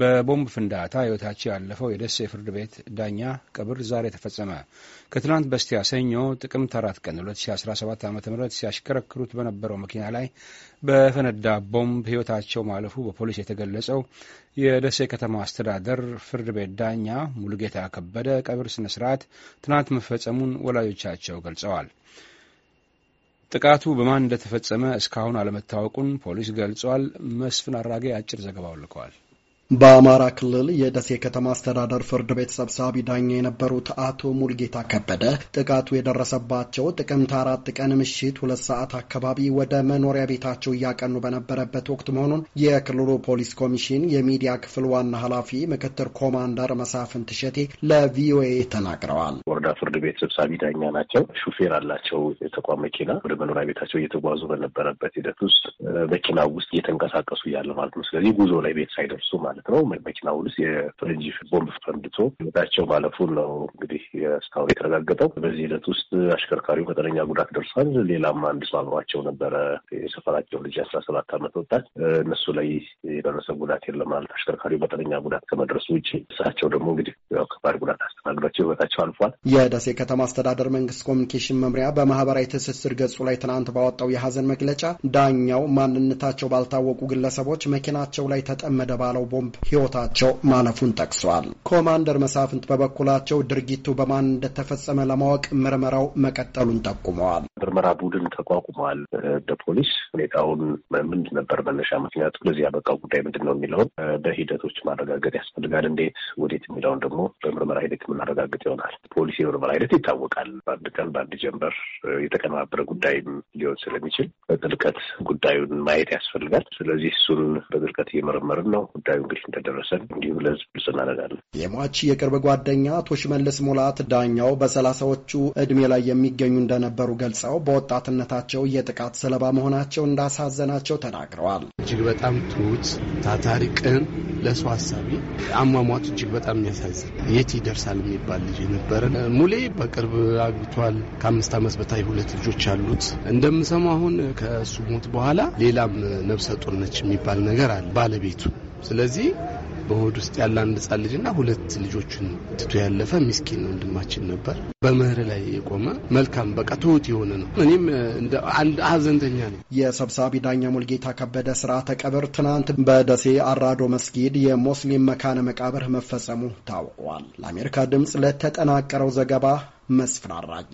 በቦምብ ፍንዳታ ሕይወታቸው ያለፈው የደሴ ፍርድ ቤት ዳኛ ቀብር ዛሬ ተፈጸመ። ከትናንት በስቲያ ሰኞ ጥቅምት አራት ቀን 2017 ዓ ም ሲያሽከረክሩት በነበረው መኪና ላይ በፈነዳ ቦምብ ሕይወታቸው ማለፉ በፖሊስ የተገለጸው የደሴ ከተማ አስተዳደር ፍርድ ቤት ዳኛ ሙሉጌታ ከበደ ቀብር ስነ ስርዓት ትናንት መፈጸሙን ወላጆቻቸው ገልጸዋል። ጥቃቱ በማን እንደተፈጸመ እስካሁን አለመታወቁን ፖሊስ ገልጿል። መስፍን አራጌ አጭር ዘገባው ልከዋል። በአማራ ክልል የደሴ ከተማ አስተዳደር ፍርድ ቤት ሰብሳቢ ዳኛ የነበሩት አቶ ሙልጌታ ከበደ ጥቃቱ የደረሰባቸው ጥቅምት አራት ቀን ምሽት ሁለት ሰዓት አካባቢ ወደ መኖሪያ ቤታቸው እያቀኑ በነበረበት ወቅት መሆኑን የክልሉ ፖሊስ ኮሚሽን የሚዲያ ክፍል ዋና ኃላፊ ምክትል ኮማንደር መሳፍን ትሸቴ ለቪኦኤ ተናግረዋል። ወረዳ ፍርድ ቤት ሰብሳቢ ዳኛ ናቸው። ሹፌር አላቸው። የተቋም መኪና ወደ መኖሪያ ቤታቸው እየተጓዙ በነበረበት ሂደት ውስጥ መኪና ውስጥ እየተንቀሳቀሱ ያለ ማለት ነው። ስለዚህ ጉዞ ላይ ቤት ሳይደርሱ ማለት ማለት ነው። መኪና ውስጥ ቦምብ ፈንድቶ ህይወታቸው ማለፉን ነው እንግዲህ እስካሁን የተረጋገጠው። በዚህ ሂደት ውስጥ አሽከርካሪው መጠነኛ ጉዳት ደርሷል። ሌላም አንድ ሰው አብሯቸው ነበረ፣ የሰፈራቸው ልጅ አስራ ሰባት ዓመት ወጣት። እነሱ ላይ የደረሰ ጉዳት የለም ማለት አሽከርካሪው መጠነኛ ጉዳት ከመድረሱ ውጭ እሳቸው ደግሞ እንግዲህ ከባድ ጉዳት አስተናግዷቸው ህይወታቸው አልፏል። የደሴ ከተማ አስተዳደር መንግስት ኮሚኒኬሽን መምሪያ በማህበራዊ ትስስር ገጹ ላይ ትናንት ባወጣው የሀዘን መግለጫ ዳኛው ማንነታቸው ባልታወቁ ግለሰቦች መኪናቸው ላይ ተጠመደ ባለው ቦምብ ቦምብ ሕይወታቸው ማለፉን ጠቅሰዋል። ኮማንደር መሳፍንት በበኩላቸው ድርጊቱ በማን እንደተፈጸመ ለማወቅ ምርመራው መቀጠሉን ጠቁመዋል። ምርመራ ቡድን ተቋቁመዋል። እንደ ፖሊስ ሁኔታውን ምንድ ነበር መነሻ ምክንያቱ ለዚህ ያበቃው ጉዳይ ምንድን ነው የሚለውን በሂደቶች ማረጋገጥ ያስፈልጋል። እንዴት ወዴት የሚለውን ደግሞ በምርመራ ሂደት የምናረጋግጥ ይሆናል። ፖሊስ የምርመራ ሂደት ይታወቃል። በአንድ ቀን በአንድ ጀንበር የተቀነባበረ ጉዳይም ሊሆን ስለሚችል በጥልቀት ጉዳዩን ማየት ያስፈልጋል። ስለዚህ እሱን በጥልቀት እየመረመርን ነው። ጉዳዩን እንግዲህ እንደደረሰን እንዲሁ ለህዝብ ግልጽ እናደርጋለን። የሟች የቅርብ ጓደኛ አቶ ሽመልስ ሙላት ዳኛው በሰላሳዎቹ እድሜ ላይ የሚገኙ እንደነበሩ ገልጸው በወጣትነታቸው የጥቃት ሰለባ መሆናቸው እንዳሳዘናቸው ተናግረዋል። እጅግ በጣም ትሁት፣ ታታሪ፣ ቅን፣ ለሰው አሳቢ አሟሟቱ እጅግ በጣም የሚያሳዝን የት ይደርሳል የሚባል ልጅ ነበረ። ሙሌ በቅርብ አግብቷል። ከአምስት ዓመት በታይ ሁለት ልጆች አሉት። እንደምሰማ አሁን ከእሱ ሞት በኋላ ሌላም ነብሰ ጡር ነች የሚባል ነገር አለ ባለቤቱ ስለዚህ በሆድ ውስጥ ያለ አንድ ህጻን ልጅና ሁለት ልጆችን ትቶ ያለፈ ሚስኪን ወንድማችን ነበር። በምህር ላይ የቆመ መልካም በቃ ትሁት የሆነ ነው። እኔም እንደ አንድ ሀዘንተኛ ነኝ። የሰብሳቢ ዳኛ ሙልጌታ ከበደ ስርዓተ ቀብር ትናንት በደሴ አራዶ መስጊድ የሙስሊም መካነ መቃብር መፈጸሙ ታውቋል። ለአሜሪካ ድምፅ ለተጠናቀረው ዘገባ መስፍን አራጌ